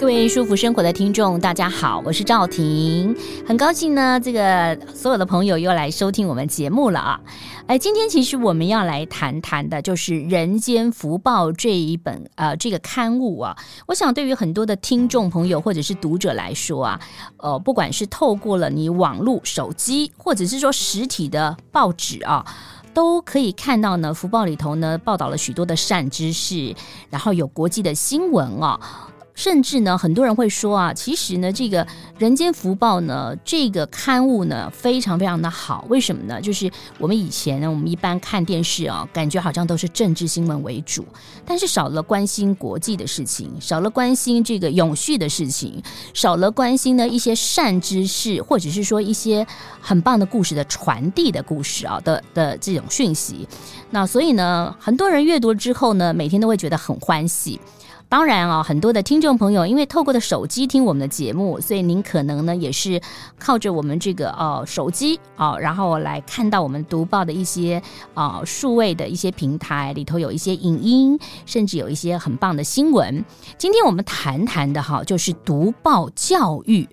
各位蔬福生活的聽眾，大家好，我是趙婷，很高興呢，這個所有的朋友又來收聽我們節目了啊！哎，今天其實我們要來談談的，就是《人間福報》這一本呃這個刊物啊。我想對於很多的聽眾朋友或者是讀者來說啊，呃，不管是透過了你網絡、手機，或者是說實體的報紙啊，都可以看到呢，《福報》裡頭呢報道了許多的善知識，然後有國際的新聞啊。甚至呢，很多人會說啊，其實呢，這個《人間福報》呢，這個刊物呢，非常非常的好。為什麼呢？就是我們以前呢，我們一般看電視啊，感覺好像都是政治新聞為主，但是少了關心國際的事情，少了關心這個永續的事情，少了關心呢一些善知識，或者是說一些很棒的故事的傳遞的故事啊的的這種訊息。那所以呢，很多人閱讀之後呢，每天都會覺得很歡喜。當然啊、哦，很多的聽眾朋友因為透過的手機聽我們的節目，所以您可能呢也是靠着我們這個哦、呃、手機啊、呃，然後來看到我們讀報的一些啊、呃、數位的一些平台裡頭有一些影音，甚至有一些很棒的新聞。今天我們談談的哈，就是讀報教育。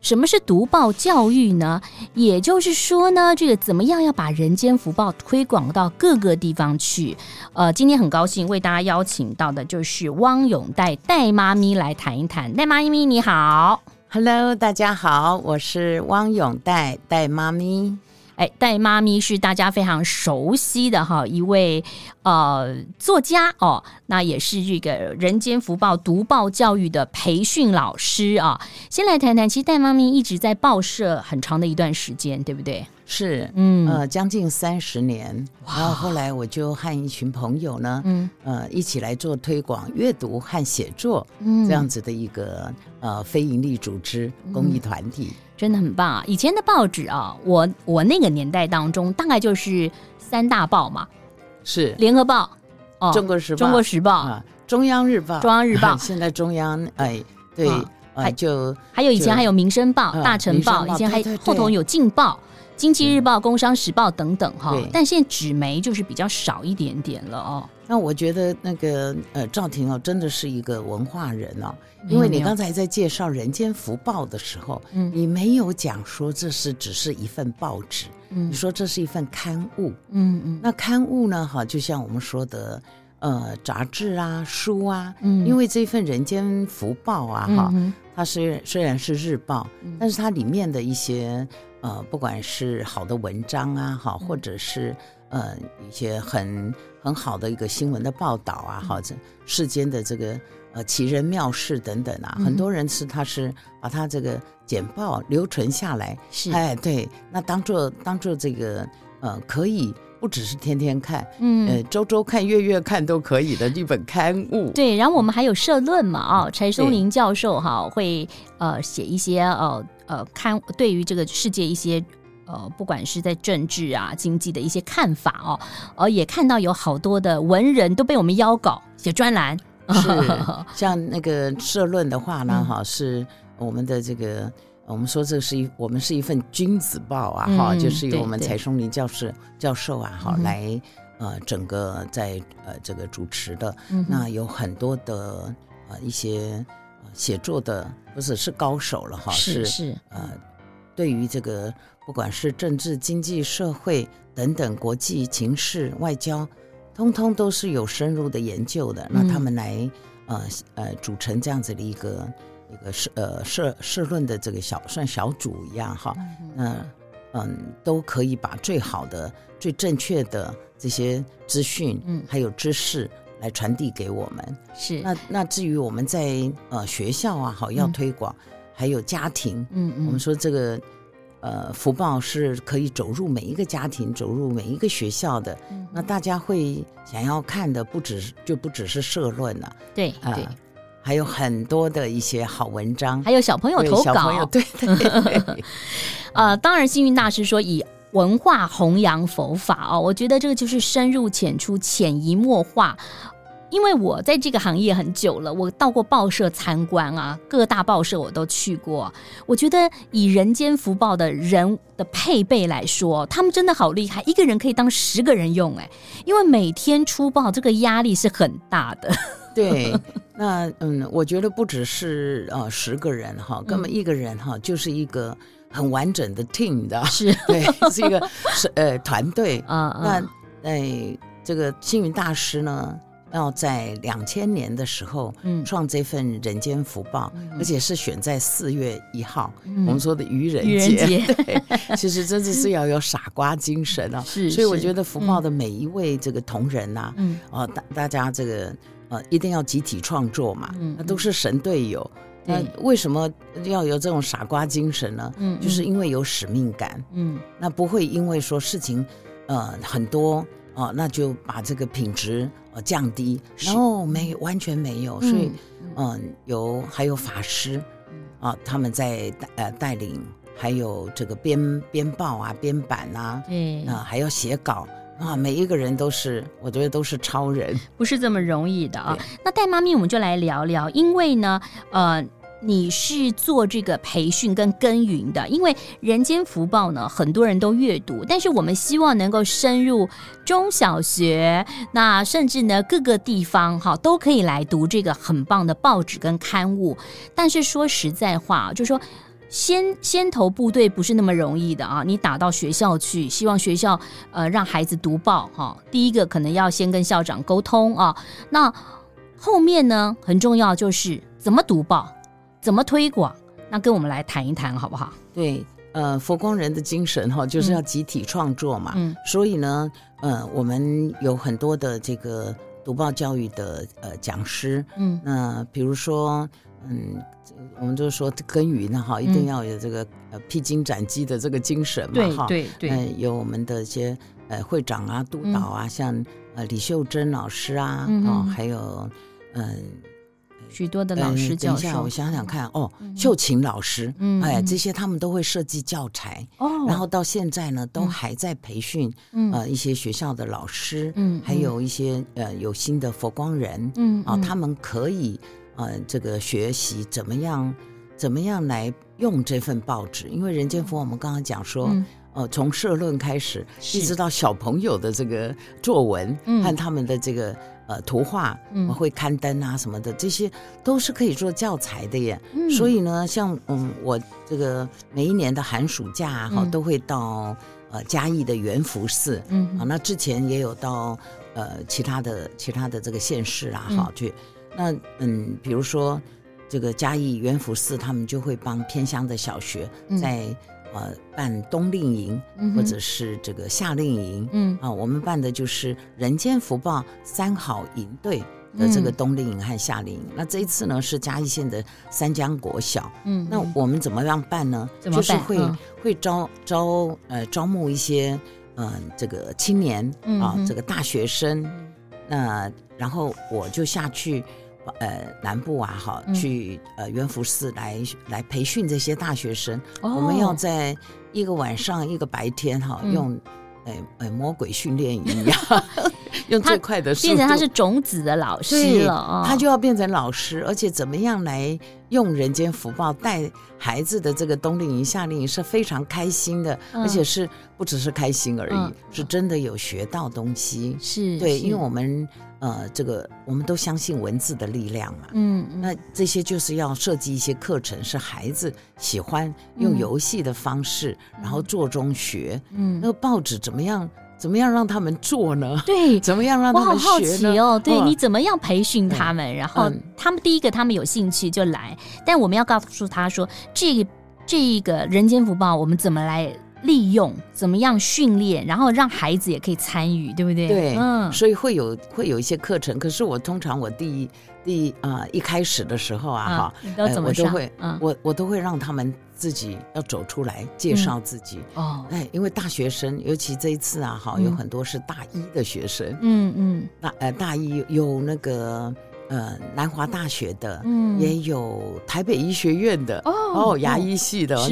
什麼是讀報教育呢？也就是說呢，這個怎麼樣要把人間福報推廣到各個地方去？呃，今天很高興為大家邀請到的就是汪詠黛黛媽咪來談一談。黛媽咪，你好，Hello，大家好，我是汪詠黛黛媽咪。哎，黛媽咪是大家非常熟悉的哈，一位呃作家哦，那也是這個《人間福報》讀報教育的培訓老師啊、哦。先來談談，其實黛媽咪一直在報社很長的一段時間，對不對？是，嗯，呃，將近三十年。哇然後後來我就和一群朋友呢，嗯呃，一起來做推廣閱讀和寫作，嗯，這樣子的一個呃非營利組織公益團體。嗯嗯真的很棒啊！以前的報紙啊，我我那個年代當中，大概就是三大報嘛，是《聯合報》哦，《中國時報》《中國時報》啊《中央日報》《中央日報》。現在中央哎對、啊、還就還有以前還有《民生報》啊《大成報》報，以前還後頭有《勁報》對對對《經濟日報》《工商時報》等等哈、啊。對但現在紙媒就是比較少一點點了哦。那我覺得那個呃，趙婷哦，真的是一個文化人哦，嗯、因為你剛才在介紹《人間福報》的時候，嗯、你沒有講說這是只是一份報紙，嗯、你說這是一份刊物，嗯嗯，嗯那刊物呢，哈，就像我們說的呃，雜誌啊，書啊，嗯、因為這份《人間福報》啊，嗯、哈，它雖然雖然是日報，嗯、但是它裡面的一些呃，不管是好的文章啊，哈，或者是、嗯、呃一些很。很好的一個新聞的報道啊，或者世間的這個呃奇人妙事等等啊，很多人是他是把他這個簡報留存下來，是哎對，那當作當作這個呃可以不只是天天看，嗯呃週週看月月看都可以的一本刊物。對，然後我們還有社論嘛啊，哦，柴松林教授哈會呃寫一些呃呃刊，對於這個世界一些。呃，不管是在政治啊、經濟的一些看法哦，呃、也看到有好多的文人都被我們邀稿寫專欄，是像那個社論的話呢，哈、嗯，是我們的這個，我們說這是一，我們是一份君子報啊，嗯、哈，就是由我們柴松林教授、嗯、教授啊，好對來呃，整個在呃這個主持的，嗯、哼那有很多的呃一些寫作的，不是是高手了哈，是是呃，對於這個。不管是政治、經濟、社會等等國際情勢、外交，通通都是有深入的研究的。那、嗯、他們來，呃呃，組成這樣子的一個一個呃社呃社社論的這個小算小組一樣哈。嗯那嗯，都可以把最好的、最正確的這些資訊，嗯、還有知識來傳遞給我們。是那那至於我們在呃學校啊，好要推廣，嗯、還有家庭，嗯嗯，嗯我們說這個。呃，福報是可以走入每一個家庭，走入每一個學校的。嗯、那大家會想要看的，不止就不只是社論了、啊，對對，呃、對還有很多的一些好文章，還有小朋友投稿，小朋友對對對。 呃、當然，星雲大師說以文化弘揚佛法哦，我覺得這個就是深入淺出、潛移默化。因為我在這個行業很久了，我到過報社參觀啊，各大報社我都去過。我覺得以《人間福報》的人的配備來說，他們真的好厲害，一個人可以當十個人用哎，因為每天出報這個壓力是很大的。對，那嗯，我覺得不只是呃十個人哈，根本一個人哈就是一個很完整的 team 的，嗯、是對，是一個是呃團隊啊。嗯、那哎、呃，這個星雲大師呢，要在兩千年的時候創這份人間福報，而且是選在四月一號，我們說的愚人節，對，節。其實真的是要有傻瓜精神啊，所以我覺得福報的每一位這個同仁吶，哦大大家這個呃一定要集體創作嘛，那都是神隊友。那為什麼要有這種傻瓜精神呢？嗯，就是因為有使命感。嗯，那不會因為說事情呃很多。哦，那就把這個品質呃降低，然後 No, 沒完全沒有，嗯、所以嗯、呃、有還有法師啊、呃，他們在帶呃帶領，還有這個編編報啊編版啊，對，啊、呃、還要寫稿啊，每一個人都是我覺得都是超人，不是這麼容易的啊。對那黛媽咪我們就來聊聊，因為呢呃。你是做這個培訓跟耕耘的，因為《人間福報》呢，很多人都閱讀，但是我們希望能夠深入中小學，那甚至呢各個地方哈都可以來讀這個很棒的報紙跟刊物。但是說實在話，就說先先頭部隊不是那麼容易的啊！你打到學校去，希望學校呃讓孩子讀報哈，第一個可能要先跟校長溝通啊。那後面呢很重要就是怎麼讀報。怎麼推廣？那跟我們來談一談好不好？對，呃，佛光人的精神哈、哦，就是要集體創作嘛。嗯，所以呢，呃，我們有很多的這個讀報教育的呃講師，嗯，那、呃、比如說，嗯，我們就說耕耘呢，哈、哦，一定要有這個、嗯、呃披荊斬棘的這個精神嘛，哈，對對、呃，有我們的一些呃會長啊、督導啊，嗯、像呃李秀珍老師啊，嗯哼、哦，還有嗯。呃許多的老師，等一下，我想想看，哦，秀琴老師，哎，這些他們都會設計教材，然後到現在呢，都還在培訓，嗯，一些學校的老師，嗯，還有一些呃有心的佛光人，嗯，啊，他們可以，呃，這個學習怎麼樣，怎麼樣來用這份報紙？因為《人間福報》，我們剛剛講說，呃，從社論開始，一直到小朋友的這個作文，嗯，和他們的這個。呃，圖畫我會刊登啊，什麼的，嗯、這些都是可以做教材的耶。嗯、所以呢，像嗯，我這個每一年的寒暑假哈，都會到呃嘉義的圓福寺，嗯，啊，那之前也有到呃其他的其他的這個縣市啊，好去。嗯那嗯，比如說、嗯、這個嘉義圓福寺，他們就會幫偏鄉的小學、嗯、在。呃、啊，辦冬令營或者是這個夏令營，嗯哼啊，我們辦的就是“人間福報三好營隊”的這個冬令營和夏令營。那這一次呢，是嘉義縣的三江國小，嗯哼，那我們怎麼樣辦呢？怎麼辦就是會會招招呃招募一些嗯、呃、這個青年啊、嗯、哼這個大學生，那、呃、然後我就下去。呃，南部啊，哈，去呃，圓福寺來來培訓這些大學生。哦、我們要在一個晚上，一個白天，哈，用呃、嗯哎哎、魔鬼訓練一樣， 用最快的速度。變成他是種子的老師是，他、哦、就要變成老師，而且怎麼樣來？用人間福報帶孩子的這個冬令營、夏令營是非常開心的，嗯、而且是不只是開心而已，嗯、是真的有學到東西。是對，是因為我們呃，這個我們都相信文字的力量嘛。嗯，嗯那這些就是要設計一些課程，是孩子喜歡用遊戲的方式，嗯、然後做中學。嗯，那個報紙怎麼樣？怎麼樣讓他們做呢？對，怎麼樣讓他們學呢？我好好奇哦，對，嗯，你怎麼樣培訓他們？嗯，然後他們，嗯，第一個，他們有興趣就來，但我們要告訴他說，這這一個人間福報，我們怎麼來利用？怎麼樣訓練？然後讓孩子也可以參與，對不對？對，嗯，所以會有會有一些課程。可是我通常我第一。第呃，一開始的時候啊哈，我都會我我都會讓他們自己要走出來介紹自己哦，哎，因為大學生，尤其這一次啊哈，有很多是大一的學生，嗯嗯，大呃，大一有那個呃，南華大學的，嗯，也有台北醫學院的哦，牙醫系的，就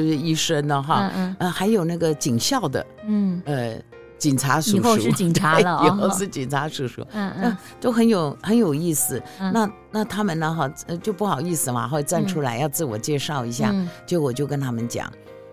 是醫生呢哈，嗯，還有那個警校的，嗯呃。警察叔叔，以後是警察了，哦，以後是警察是警察叔叔，嗯、哦、嗯，都、嗯、很有很有意思。嗯、那那他們呢？哈，就不好意思嘛，會、嗯、站出來要自我介紹一下。嗯、就我就跟他們講，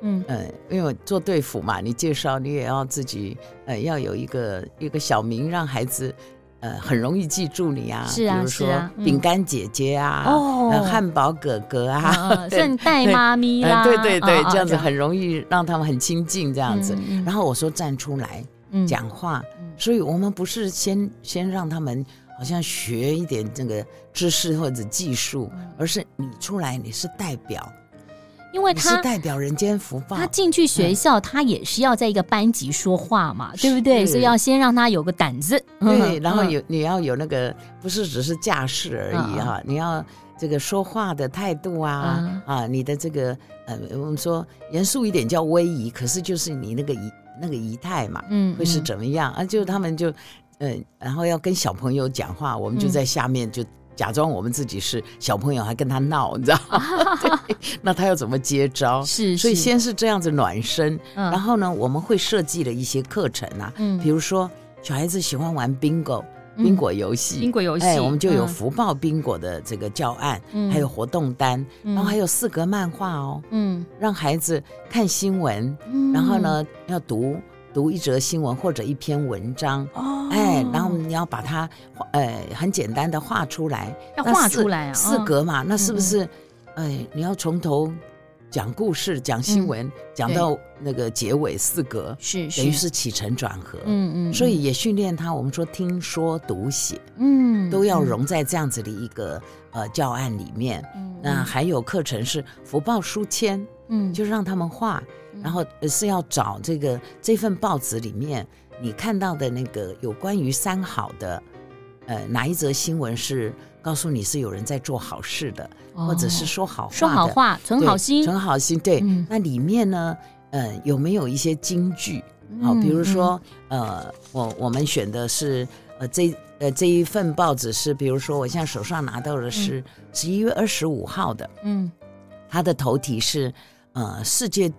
嗯、呃，因為做隊輔嘛，你介紹你也要自己，呃，要有一個一個小名，讓孩子。呃，很容易記住你啊，是啊，比如說餅乾姐姐啊，哦、啊，漢、嗯、堡哥哥啊，黛媽咪啊、嗯、對對對，哦哦這樣子很容易讓他們很親近，這樣子。哦哦、樣然後我說站出來講、嗯、話，嗯、所以我們不是先先讓他們好像學一點這個知識或者技術，嗯、而是你出來，你是代表。因為他是代表人間福報，他進去學校，他也是要在一個班級說話嘛，對不對？所以要先讓他有個膽子，對。然後有你要有那個，不是只是架勢而已哈，你要這個說話的態度啊啊，你的這個呃，我們說嚴肅一點叫威儀，可是就是你那個儀那個儀態嘛，嗯，會是怎麼樣啊？就他們就嗯，然後要跟小朋友講話，我們就在下面就。假裝我們自己是小朋友，還跟他鬧，你知道嗎？那他要怎麼接招？是，所以先是這樣子暖身，然後呢，我們會設計了一些課程啊，比如說小孩子喜歡玩賓果，賓果遊戲，賓果遊戲，哎，我們就有福報賓果的這個教案，還有活動單，然後還有四格漫畫哦，嗯，讓孩子看新聞，然後呢要讀讀一則新聞或者一篇文章，哦，哎。然後你要把它，呃，很簡單的畫出來，要畫出來啊，四格嘛，那是不是，哎，你要從頭講故事，講新聞，講到那個結尾，四格是等於是起承轉合，嗯嗯，所以也訓練他。我們說聽說讀寫，嗯，都要融在這樣子的一個呃教案裡面。嗯，那還有課程是福報書籤，嗯，就是讓他們畫，然後是要找這個這份報紙裡面。你看到的那個有關於三好的，呃，哪一則新聞是告訴你是有人在做好事的，哦、或者是說好話的說好話、對存好心、存好心？對，那裡面呢，呃，有沒有一些金句？好，比如說，呃，我我們選的是，呃，這呃這一份報紙是，比如說我現在手上拿到的是十一月二十五號的，嗯，它的頭題是，呃，世界。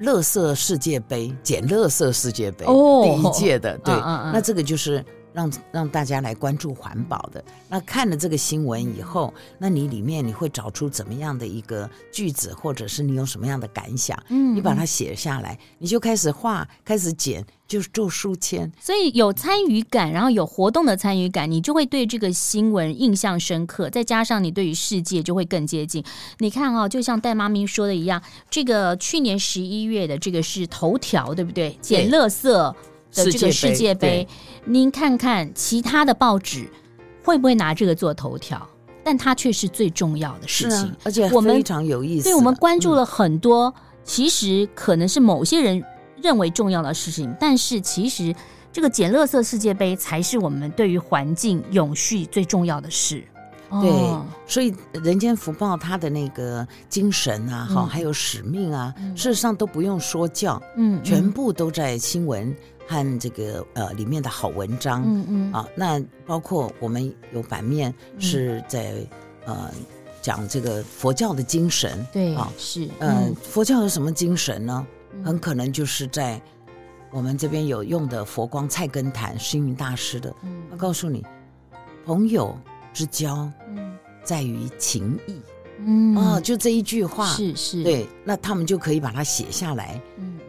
垃圾世界杯，撿垃圾世界杯，oh, 第一屆的，對，uh, uh, uh. 那這個就是。讓讓大家來關注環保的。那看了這個新聞以後，那你裡面你會找出怎麼樣的一個句子，或者是你有什麼樣的感想？嗯，你把它寫下來，你就開始畫，開始剪，就做書籤。所以有參與感，然後有活動的參與感，你就會對這個新聞印象深刻。再加上你對於世界就會更接近。你看啊、哦，就像黛媽咪說的一樣，這個去年十一月的這個是頭條，對不對？撿垃圾。這個世界盃，您看看其他的報紙會不會拿這個做頭條？但它卻是最重要的事情，啊、而且非常有意思。我對我們關注了很多，嗯、其實可能是某些人認為重要的事情，嗯、但是其實這個撿垃圾世界盃才是我們對於環境永續最重要的事。對，哦、所以《人間福報》它的那個精神啊，好、嗯，還有使命啊，嗯、事實上都不用說教，嗯，全部都在新聞。嗯嗯和這個呃裡面的好文章，嗯嗯。啊，那包括我們有版面是在呃講這個佛教的精神，對，啊是，嗯，佛教有什麼精神呢？很可能就是在我們這邊有用的佛光菜根譚星雲大師的，他告訴你，朋友之交，在於情誼，嗯啊，就這一句話是是對，那他們就可以把它寫下來。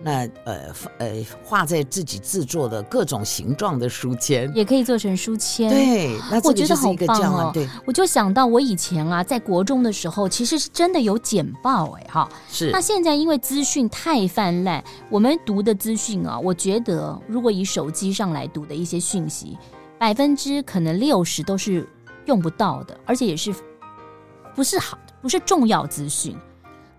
那呃呃畫在自己製作的各種形狀的書籤，也可以做成書籤。對，那我覺得好棒哦。對，我就想到我以前啊，在國中的時候，其實是真的有剪報。哎、哈、哦，是。那現在因為資訊太泛濫，我們讀的資訊啊，我覺得如果以手機上來讀的一些訊息，百分之可能六十都是用不到的，而且也是不是好的，不是重要資訊。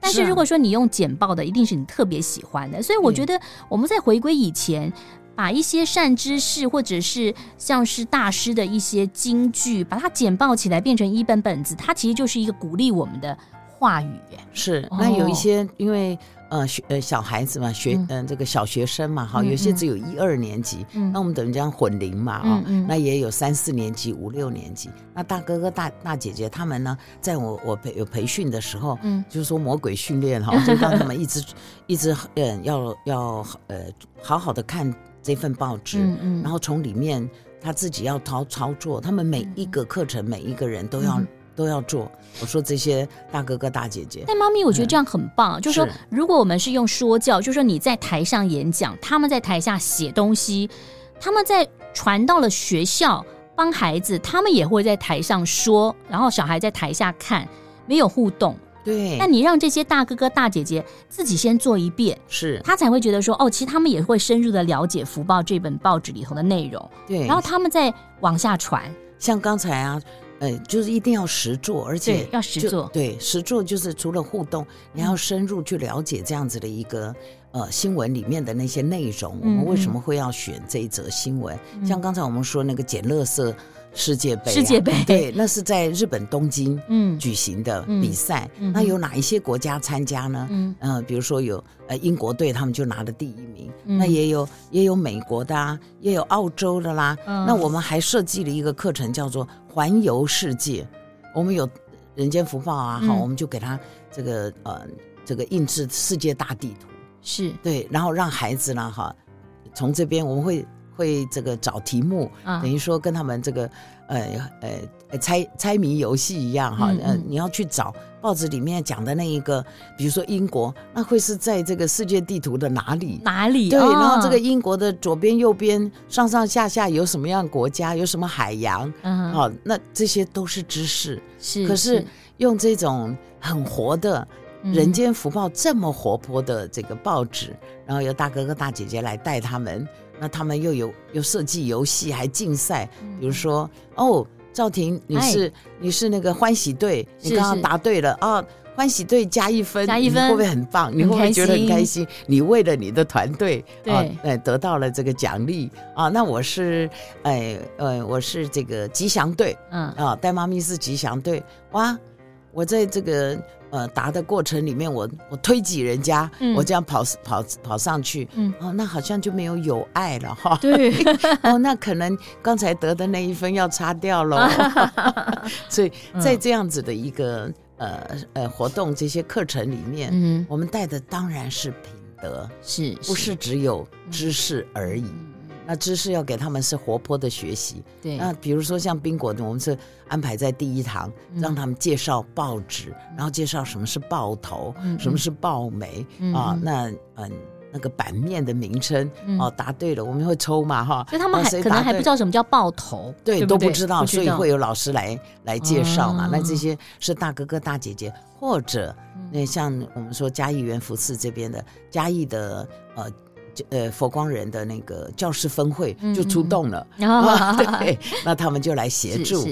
但是如果說你用剪報的，啊、一定是你特別喜歡的，所以我覺得我們在回歸以前，耶把一些善知識或者是像是大師的一些金句，把它剪報起來變成一本本子，它其實就是一個鼓勵我們的話語。是，哦、那有一些、哦、因為。嗯，學呃小孩子嘛，學嗯、呃、這個小學生嘛，嗯、好，有些只有一二年級，嗯、那我們等於這樣混齡嘛，哦，嗯嗯、那也有三四年級、五六年級，那大哥哥大大姐姐他們呢，在我我有培培訓的時候，嗯、就是說魔鬼訓練哈，就讓他們一直 一直嗯，要要呃好好的看這份報紙，嗯嗯、然後從裡面他自己要操操作，他們每一個課程、嗯、每一個人都要。都要做。我說，這些大哥哥大姐姐。黛媽咪，我覺得這樣很棒。嗯、就是說，如果我們是用說教，就是說你在台上演講，他們在台下寫東西，他們在傳到了學校幫孩子，他們也會在台上說，然後小孩在台下看，沒有互動。對。那你讓這些大哥哥大姐姐自己先做一遍，是他才會覺得說哦，其實他們也會深入的了解《福報》這本報紙裡頭的內容。對。然後他們再往下傳，像剛才啊。呃，就是一定要實作，而且要實作。對，實作就是除了互動，你要深入去了解這樣子的一個、嗯、呃新聞裡面的那些內容。我們為什麼會要選這一則新聞？嗯、像剛才我們說那個撿垃圾。世界盃啊、世界盃，世界盃，對，那是在日本東京舉行的比賽，嗯嗯嗯、那有哪一些國家參加呢？嗯，嗯、呃，比如說有呃英國隊，他們就拿了第一名，嗯、那也有也有美國的啊，也有澳洲的啦。嗯、那我們還設計了一個課程叫做環遊世界，我們有人間福報啊，嗯、好，我們就給他這個呃這個印製世界大地圖，是對，然後讓孩子呢哈，從這邊我們會。會這個找題目，哦、等於說跟他們這個呃呃猜猜謎遊戲一樣哈，嗯嗯、呃你要去找報紙裡面講的那一個，比如說英國，那會是在這個世界地圖的哪裡？哪裡？對，哦、然後這個英國的左邊、右邊、上上下下有什麼樣的國家，有什麼海洋？嗯哼，好、哦，那這些都是知識。是，可是用這種很活的是人間福報這麼活潑的這個報紙，嗯、然後由大哥哥大姐姐來帶他們。那他們又有有設計遊戲還競賽，嗯、比如說哦，趙婷你是嗨你是那個歡喜隊，是是你剛剛答對了啊，歡喜隊加一分，一分你會不會很棒？很你會不會覺得很開心？你為了你的團隊啊，哎得到了這個獎勵啊，那我是哎呃、哎，我是這個吉祥隊，嗯啊，黛媽咪是吉祥隊，哇。我在這個呃答的過程裡面，我我推擠人家，嗯、我這樣跑跑跑上去，嗯，哦，那好像就沒有友愛了哈。對， 哦，那可能剛才得的那一分要擦掉咯。 所以在這樣子的一個、嗯、呃呃活動這些課程裡面，嗯，我們帶的當然是品德，是，是不是只有知識而已。嗯那知識要給他們是活潑的學習，對。那比如說像賓果，我們是安排在第一堂，讓他們介紹報紙，然後介紹什麼是報頭，什麼是報眉啊。那嗯，那個版面的名稱哦，答對了我們會抽嘛哈。所以他們還可能還不知道什麼叫報頭，對，都不知道，所以會有老師來來介紹嘛。那這些是大哥哥大姐姐，或者那像我們說嘉義圓福寺這邊的嘉義的呃。呃，佛光人的那個教師分會就出動了嗯嗯、 啊，對，那他們就來協助。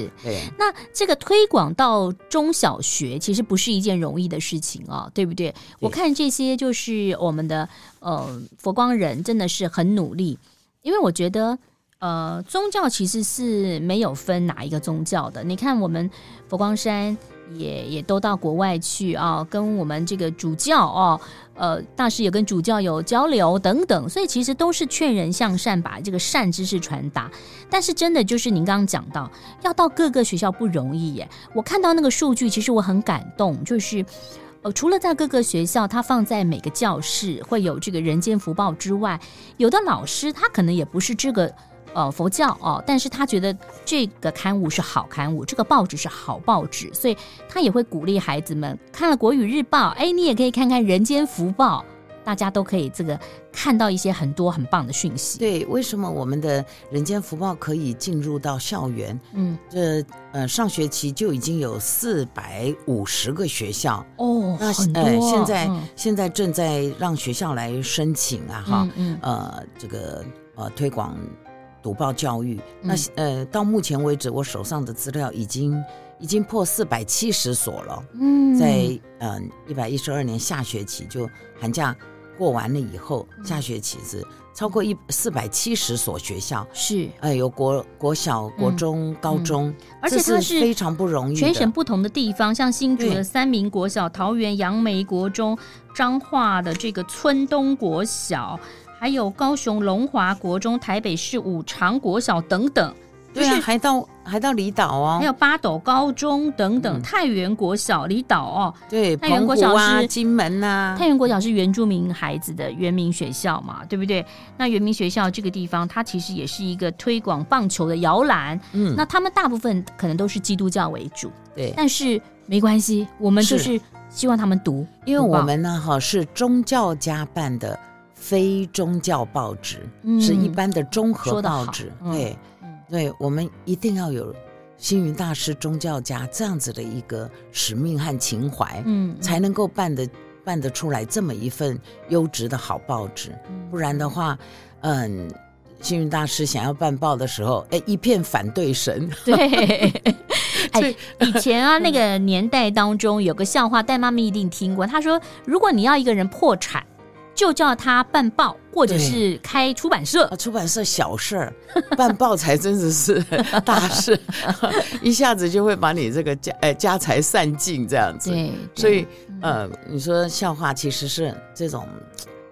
那這個推廣到中小學其實不是一件容易的事情啊、哦，對不對？是我看這些就是我們的呃佛光人真的是很努力，因為我覺得呃宗教其實是沒有分哪一個宗教的。你看我們佛光山。也也都到國外去啊、哦，跟我們這個主教哦，呃，大師也跟主教有交流等等，所以其實都是勸人向善，把這個善知識傳達。但是真的就是您剛剛講到，要到各個學校不容易耶。我看到那個數據，其實我很感動，就是呃，除了在各個學校，他放在每個教室會有這個人間福報之外，有的老師他可能也不是這個。呃、哦，佛教哦，但是他覺得這個刊物是好刊物，這個報紙是好報紙，所以他也會鼓勵孩子們看了《國語日報》，哎，你也可以看看《人間福報》，大家都可以這個看到一些很多很棒的訊息。對，為什麼我們的人間福報可以進入到校園？嗯，這呃，上學期就已經有四百五十個學校哦，那呃，很多哦、現在現在正在讓學校來申請啊，哈，嗯嗯呃，這個呃，推廣。讀報教育，那、嗯、呃，到目前為止，我手上的資料已經已經破四百七十所了。嗯，在嗯一百一十二年下學期就寒假過完了以後，嗯、下學期是超過一四百七十所學校。是、呃，有國國小、國中、嗯、高中，而且、嗯、是非常不容易，全省不同的地方，像新竹的三民國小、對桃園楊梅國中、彰化的這個村東國小。還有高雄龍華國中、台北市五常國小等等，對啊，就是、還到還到離島哦，還有八斗高中等等，嗯、太原國小離島哦，對，太原國小是、啊、金門啊，太原國小是原住民孩子的原民學校嘛，對不對？那原民學校這個地方，它其實也是一個推廣棒球的搖籃，嗯，那他們大部分可能都是基督教為主，對，但是沒關係，我們就是希望他們讀，是因為我，我們呢，哈，是宗教家辦的。非宗教報紙是一般的綜合報紙，對，對我們一定要有星雲大師宗教家這樣子的一個使命和情懷，嗯，才能夠辦得辦得出來這麼一份優質的好報紙，不然的話，嗯，星雲大師想要辦報的時候，哎，一片反對聲。對，哎，以前啊那個年代當中有個笑話，黛媽咪一定聽過，她說，如果你要一個人破產，就叫他辦報，或者是開出版社。啊、出版社小事兒，辦報才真的是大事， 一下子就會把你這個家，呃、哎，家財散盡這樣子。對，對，所以，呃，你說笑話其實是這種。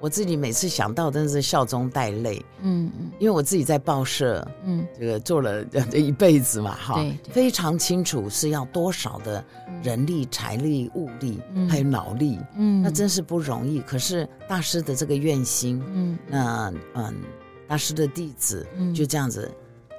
我自己每次想到，真的是笑中帶淚。嗯嗯，因為我自己在報社，嗯，這個做了一輩子嘛，哈，非常清楚是要多少的人力、財力、物力，還有腦力，嗯，那真是不容易。可是大師的這個願心，嗯，那嗯，大師的弟子就這樣子，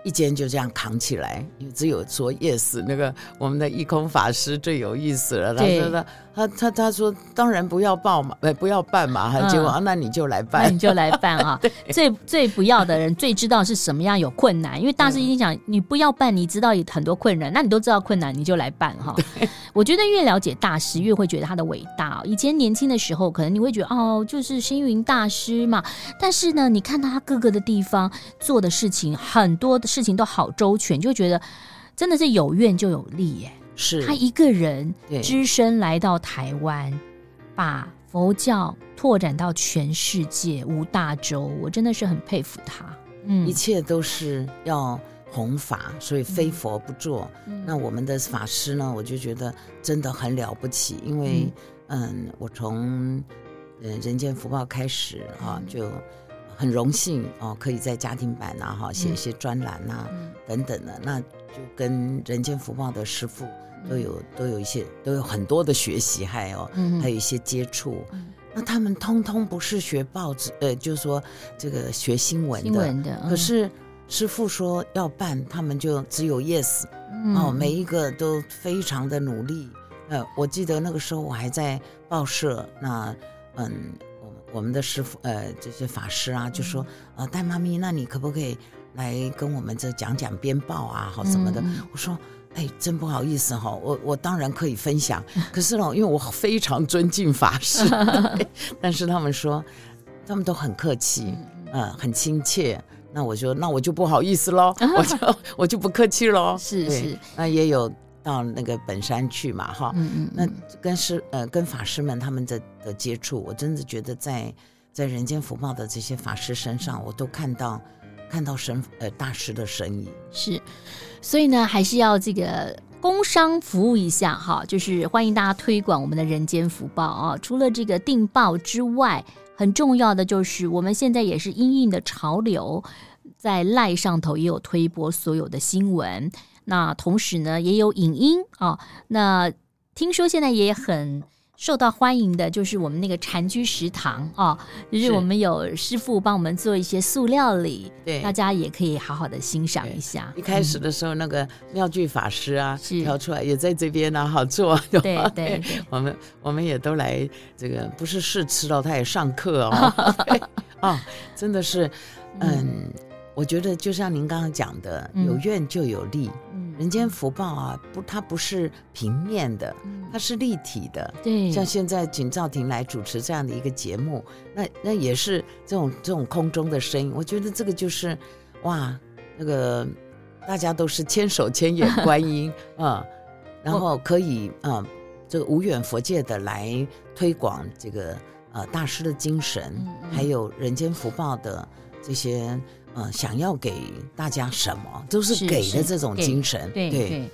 一間就這樣扛起來，只有說 yes，那個我們的一空法師最有意思了，對的。他他他說，當然不要報嘛，不不要辦嘛，結果、嗯啊、那你就來辦，你就來辦啊！ 對最最不要的人，最知道是什麼樣有困難，因為大師一定講你不要辦，你知道有很多困難，那你都知道困難，你就來辦哈、啊。對我覺得越了解大師，越會覺得他的偉大、哦。以前年輕的時候，可能你會覺得哦，就是星雲大師嘛，但是呢，你看到他各個的地方做的事情，很多的事情都好周全，就覺得真的是有願就有利耶。是他一個人，對，只身來到台灣，對把佛教拓展到全世界五大洲，我真的是很佩服他。嗯，一切都是要弘法，所以非佛不做。嗯、那我們的法師呢，嗯、我就覺得真的很了不起，因為嗯，嗯，我從嗯《人間福報》開始、嗯、啊，就很榮幸哦、嗯啊、可以在家庭版吶、啊、哈、啊、寫一些專欄吶、啊嗯、等等的，那就跟《人間福報》的師父，都有都有一些，都有很多的學習，還有嗯，還有一些接觸。嗯、那他們通通不是學報紙，呃，就是說這個學新聞的。新聞的嗯、可是師父說要辦，他們就只有 yes、嗯。哦，每一個都非常的努力。呃，我記得那個時候我還在報社，那嗯，我我們的師父，呃，這些法師啊，就說，呃、嗯，黛媽咪，那你可不可以來跟我們這講講編報啊，好什麼的？嗯嗯我說。哎，真不好意思哈、哦，我我當然可以分享，可是嘍，因為我非常尊敬法師，但是他們說，他們都很客氣，嗯、呃，很親切。那我說，那我就不好意思嘍，我就我就不客氣嘍。是是，那也有到那個本山去嘛，哈，嗯嗯，那跟師呃跟法師們他們的的接觸，我真的覺得在在人間福報的這些法師身上，我都看到。看到神呃，大師的身影是，所以呢還是要這個工商服務一下哈，就是歡迎大家推廣我們的人間福報啊、哦。除了這個訂報之外，很重要的就是我們現在也是因應的潮流，在賴上頭也有推播所有的新聞，那同時呢，也有影音啊、哦。那聽說現在也很。受到歡迎的就是我們那個禪居食堂啊、哦，就是我們有師傅幫我們做一些素料理，對，大家也可以好好的欣賞一下。一開始的時候，嗯、那個妙具法師啊，是，挑出來也在這邊呢、啊，好做對對。我們我們也都來這個，不是試吃了，他也上課哦啊、 哦，真的是，嗯，嗯我覺得就像您剛剛講的，有願就有力。嗯嗯人間福報啊，不，它不是平面的，它是立體的。嗯、對，像現在請趙婷來主持這樣的一個節目，那那也是這種這種空中的聲音。我覺得這個就是，哇，那個大家都是千手千眼觀音啊、 嗯，然後可以啊、嗯，這個無遠弗屆的來推廣這個呃大師的精神，嗯嗯還有人間福報的這些。嗯，想要給大家什麼，都是給的這種精神。對對，對對對，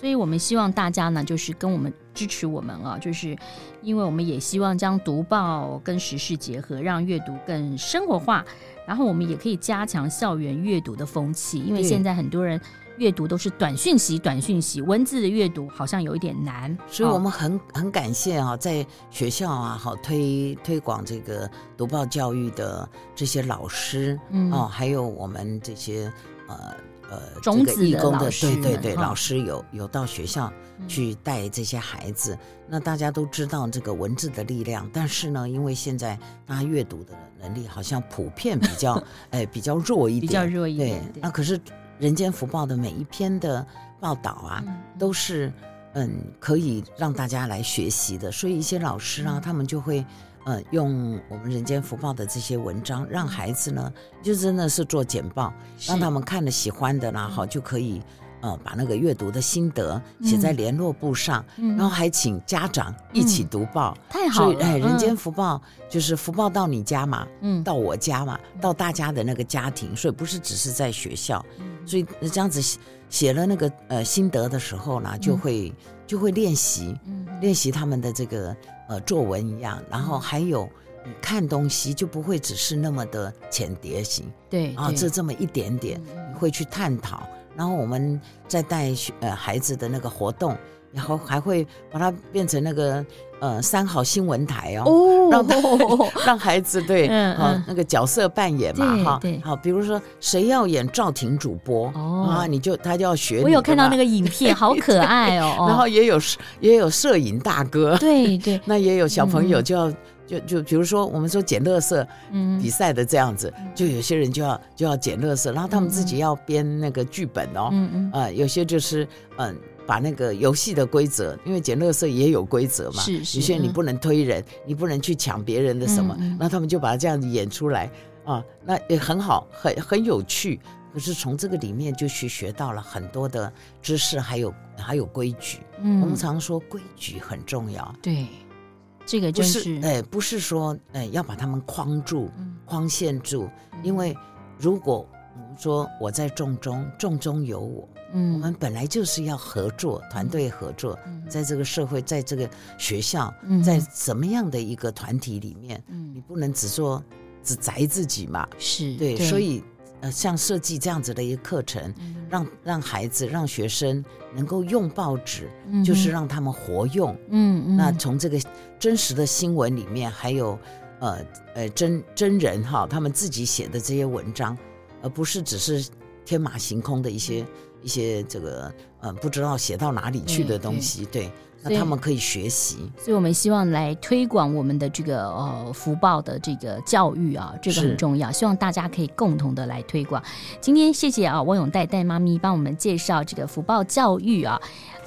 所以我們希望大家呢，就是跟我們支持我們啊，就是因為我們也希望將讀報跟時事結合，讓閱讀更生活化。然後我們也可以加強校園閱讀的風氣，因為現在很多人閱讀都是短訊息、短訊息，文字的閱讀好像有一點難。所以，我們很很感謝啊，在學校啊，好推推廣這個讀報教育的這些老師，哦、嗯，還有我們這些呃。呃，這個義工的,的對對對，老師有有到學校去帶這些孩子，嗯、那大家都知道這個文字的力量，但是呢，因為現在大家閱讀的能力好像普遍比較 哎比較弱一點，比較弱一點。一點對。對那可是《人間福報》的每一篇的報道啊，嗯、都是嗯可以讓大家來學習的，所以一些老師啊，嗯、他們就會。嗯，用我們《人間福報》的這些文章，讓孩子呢，就真的是做簡報，讓他們看了喜歡的然後就可以，呃，把那個閱讀的心得寫在聯絡簿上，然後還請家長一起讀報，太好了。哎，《人間福報》就是福報到你家嘛，嗯，到我家嘛，到大家的那個家庭，所以不是只是在學校，所以這樣子寫了那個呃心得的時候呢，就會就會練習，練習他們的這個。呃，作文一樣，然後還有你看東西就不會只是那麼的淺碟型，對啊，就這，這麼一點點，你會去探討，嗯嗯，然後我們再帶學呃孩子的那個活動。然後還會把它變成那個呃三好新聞台哦，然後讓孩子對嗯那個角色扮演嘛，對，好，比如說誰要演趙婷主播哦，你就他就要學。我有看到那個影片，好可愛哦。然後也有也有攝影大哥，對對，那也有小朋友就要。就就比如說，我們說撿垃圾比賽的這樣子，嗯、就有些人就要就要撿垃圾，嗯、然後他們自己要編那個劇本哦，嗯嗯、呃，有些就是嗯、呃，把那個遊戲的規則，因為撿垃圾也有規則嘛，是是有些你不能推人，你不能去搶別人的什麼，那、嗯、他們就把它這樣子演出來啊、呃，那也很好，很很有趣。可是從這個裡面就去學到了很多的知識，還有還有規矩。我們、嗯、常說規矩很重要，對。這個就是，哎、呃，不是說，哎、呃，要把他們框住，嗯、框限住，因為如果比如說我在眾中，眾中有我，嗯，我們本來就是要合作，團隊合作，嗯、在這個社會，在這個學校，嗯、在什麼樣的一個團體裡面，嗯、你不能只說只宅自己嘛，是對，對所以。像設計這樣子的一個課程，讓讓孩子，讓學生能夠用報紙，嗯、哼就是讓他們活用。嗯，嗯。那從這個真實的新聞裡面，還有呃呃真真人哈，他們自己寫的這些文章，而不是只是。天馬行空的一些一些這個嗯、呃，不知道寫到哪裡去的東西，對，對對以那他們可以學習。所以，我們希望來推廣我們的這個呃福報的這個教育啊，這個很重要，是希望大家可以共同的來推廣。今天謝謝啊，汪詠黛黛媽咪幫我們介紹這個福報教育啊。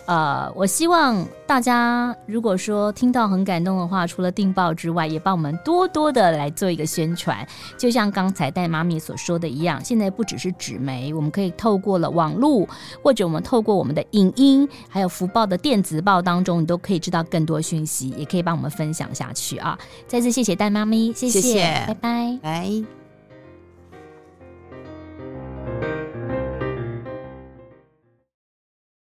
呃，我希望大家如果說聽到很感動的話，除了訂報之外，也幫我們多多的來做一個宣傳。就像剛才黛媽咪所說的一樣，現在不只是紙媒，我們可以透過了網絡，或者我們透過我們的影音，音，還有福報的電子報當中，你都可以知道更多訊息，也可以幫我們分享下去啊！再次謝謝黛媽咪，謝謝，謝謝，拜拜，拜拜。